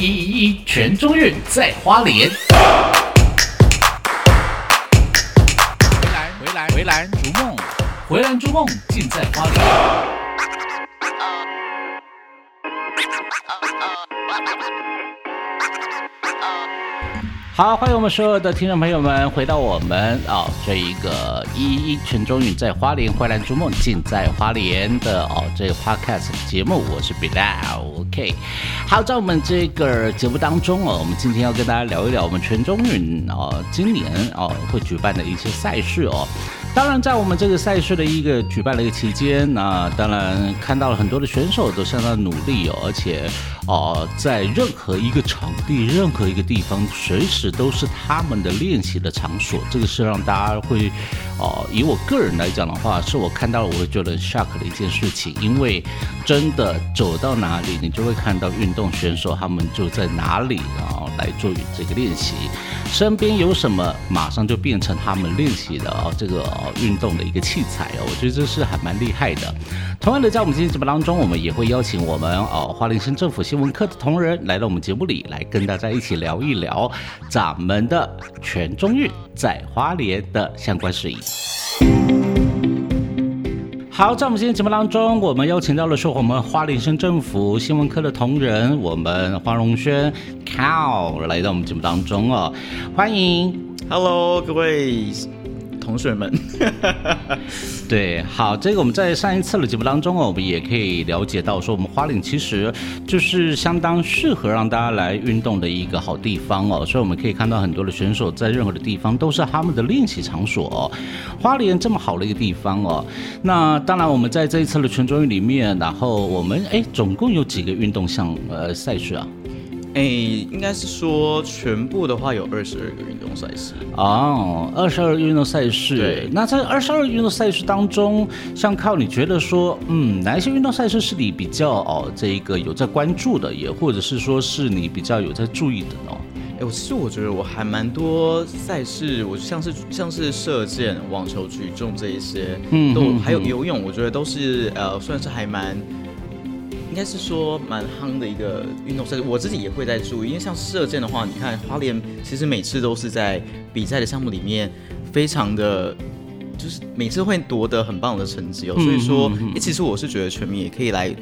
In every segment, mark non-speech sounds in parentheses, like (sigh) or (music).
一一一，全中運在花蓮。洄瀾，洄瀾，洄瀾，逐夢，洄瀾，逐夢，盡在花蓮。好，歡迎我們所有的聽眾朋友們回到我們哦這一個一一全中運在花蓮，淮南築夢盡在花蓮的哦這個 podcast 節目，我是 Billow，OK、OK。好，在我們這個節目當中哦，我們今天要跟大家聊一聊我們全中運哦今年哦會舉辦的一些賽事哦。當然，在我們這個賽事的一個舉辦的一個期間，那、呃、當然看到了很多的選手都相當努力哦，而且哦、呃，在任何一個場地、任何一個地方，隨時都是他們的練習的場所。這個是讓大家會哦、呃，以我個人來講的話，是我看到了，我覺得 shock 的一件事情。因為真的走到哪裡，你就會看到運動選手他們就在哪裡，然後來做這個練習。身邊有什麼，馬上就變成他們練習的啊這個。運動的一個器材哦，我覺得這是還蠻厲害的。同樣的，在我們今天節目當中，我們也會邀請我們哦花蓮縣政府新聞科的同仁來到我們節目裡，來跟大家一起聊一聊咱們的全中運在花蓮的相關事宜。好，在我們今天節目當中，我們邀請到了是我們花蓮縣政府新聞科的同仁，我們黃榮軒，Cow 來到我們節目當中哦，歡迎，Hello，各位。同學們， (laughs) 對，好，這個我們在上一次的節目當中啊、哦，我們也可以了解到，說我們花蓮其實就是相當適合讓大家來運動的一個好地方哦，所以我們可以看到很多的選手在任何的地方都是他們的練習場所、哦。花蓮這麼好的一個地方哦，那當然我們在這一次的全中運裡面，然後我們哎總共有幾個運動項呃賽事啊？誒、欸，應該是說全部的話有二十二個運動賽事哦，二十二個運動賽事。Oh, 事對，那在二十二個運動賽事當中，像靠你覺得說，嗯，哪一些運動賽事是你比較哦這一個有在關注的也，也或者是說是你比較有在注意的呢？哎、欸，我其實我覺得我還蠻多賽事，我像是像是射箭、網球、舉重這一些，嗯哼哼，都還有游泳，我覺得都是呃算是還蠻。應該是說蠻夯的一個運動賽事，我自己也會在注意。因為像射箭的話，你看花蓮其實每次都是在比賽的項目裡面，非常的，就是每次會奪得很棒的成績哦。所以說，其實我是覺得全民也可以來。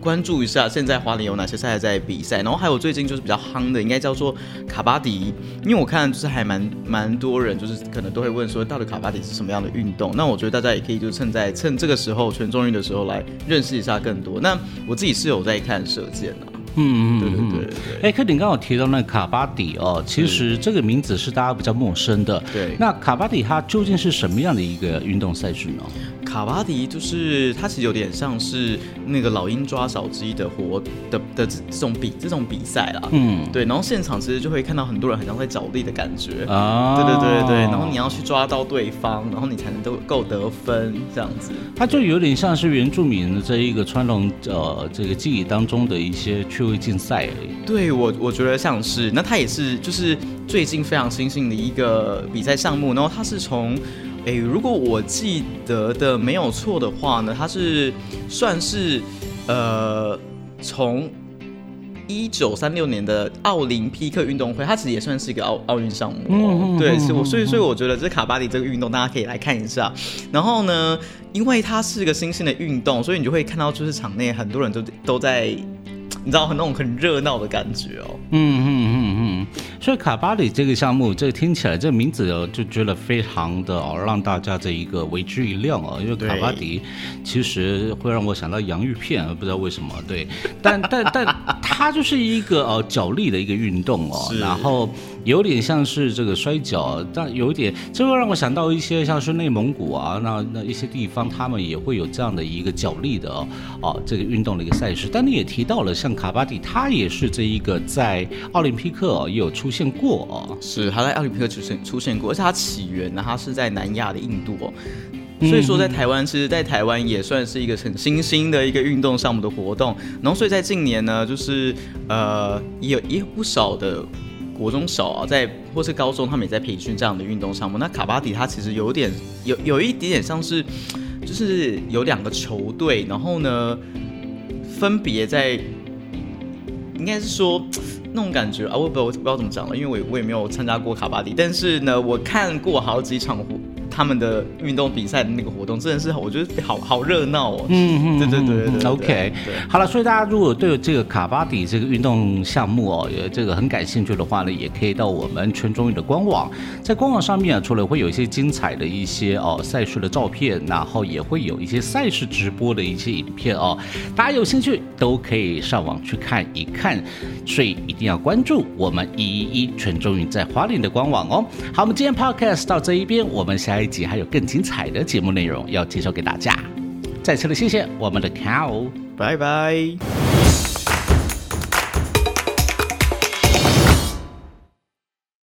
關注一下現在花蓮有哪些賽事還在比賽，然後還有最近就是比較夯的，應該叫做卡巴迪，因為我看就是還蠻蠻多人，就是可能都會問說到底卡巴迪是什麼樣的運動。那我覺得大家也可以就趁在趁這個時候全中運的時候來認識一下更多。那我自己是有在看射箭的。嗯嗯,嗯,嗯對對對,對、欸。哎，柯丁剛好提到那個卡巴迪哦，其實這個名字是大家比較陌生的。對，那卡巴迪它究竟是什麼樣的一個運動賽事呢？卡巴迪就是它其實有點像是那個老鷹抓小雞的活的。的這這種比這種比賽啦，嗯，對，然後現場其實就會看到很多人好像在角力的感覺啊，對對對對，然後你要去抓到對方，然後你才能夠夠得分這樣子，它就有點像是原住民的這一個傳統呃這個記憶當中的一些趣味競賽，對我我覺得像是，那它也是就是最近非常新興的一個比賽項目，然後它是從，哎、欸，如果我記得的沒有錯的話呢，它是算是呃從。一九三六年的奧林匹克運動會，它其實也算是一個奧奧運項目哦，嗯嗯嗯嗯對，是，我所以所以我覺得這卡巴迪這個運動，大家可以來看一下。然後呢，因為它是一個新興的運動，所以你就會看到就是場內很多人都都在，你知道很那種很熱鬧的感覺哦，嗯嗯。所以卡巴迪這個項目，這個、聽起來這個、名字就覺得非常的哦，讓大家這一個為之一亮哦。因為卡巴迪其實會讓我想到洋芋片對不知道為什麼對。但但但它就是一個哦角、呃、力的一個運動哦，是然後有點像是這個摔角，但有點這會讓我想到一些像是內蒙古啊，那那一些地方他們也會有這樣的一個角力的哦、呃、這個運動的一個賽事。但你也提到了，像卡巴迪，他也是這一個在奧林匹克、啊。有出現過哦是，是他在奧林匹克出現出現過，而且他起源呢，他是在南亞的印度哦，所以說在台灣，其實，在台灣也算是一個很新興的一個運動項目的活動。然後，所以，在近年呢，就是呃，也有也有不少的國中小啊，在或是高中，他們也在培訓這樣的運動項目。那卡巴迪他其實有點有有一點點像是，就是有兩個球隊，然後呢，分別在，應該是說。那種感覺啊，我不，我不知道怎麼講了，因為我也我也沒有參加過卡巴迪，但是呢，我看過好幾場他們的運動比賽的那個活動真的是我覺得好好熱鬧哦，嗯哼嗯哼對對對對，對 OK 好了，所以大家如果對這個卡巴迪這個運動項目哦，有這個很感興趣的話呢，也可以到我們全中運的官網，在官網上面啊，除了會有一些精彩的一些哦賽事的照片，然後也會有一些賽事直播的一些影片哦，大家有興趣都可以上網去看一看，所以一定要關注我們一一一全中運在花蓮的官網哦。好，我們今天 Podcast 到這一邊，我們下一。還有更精彩的節目內容要介紹給大家，再次的謝謝我們的 Cow 拜拜。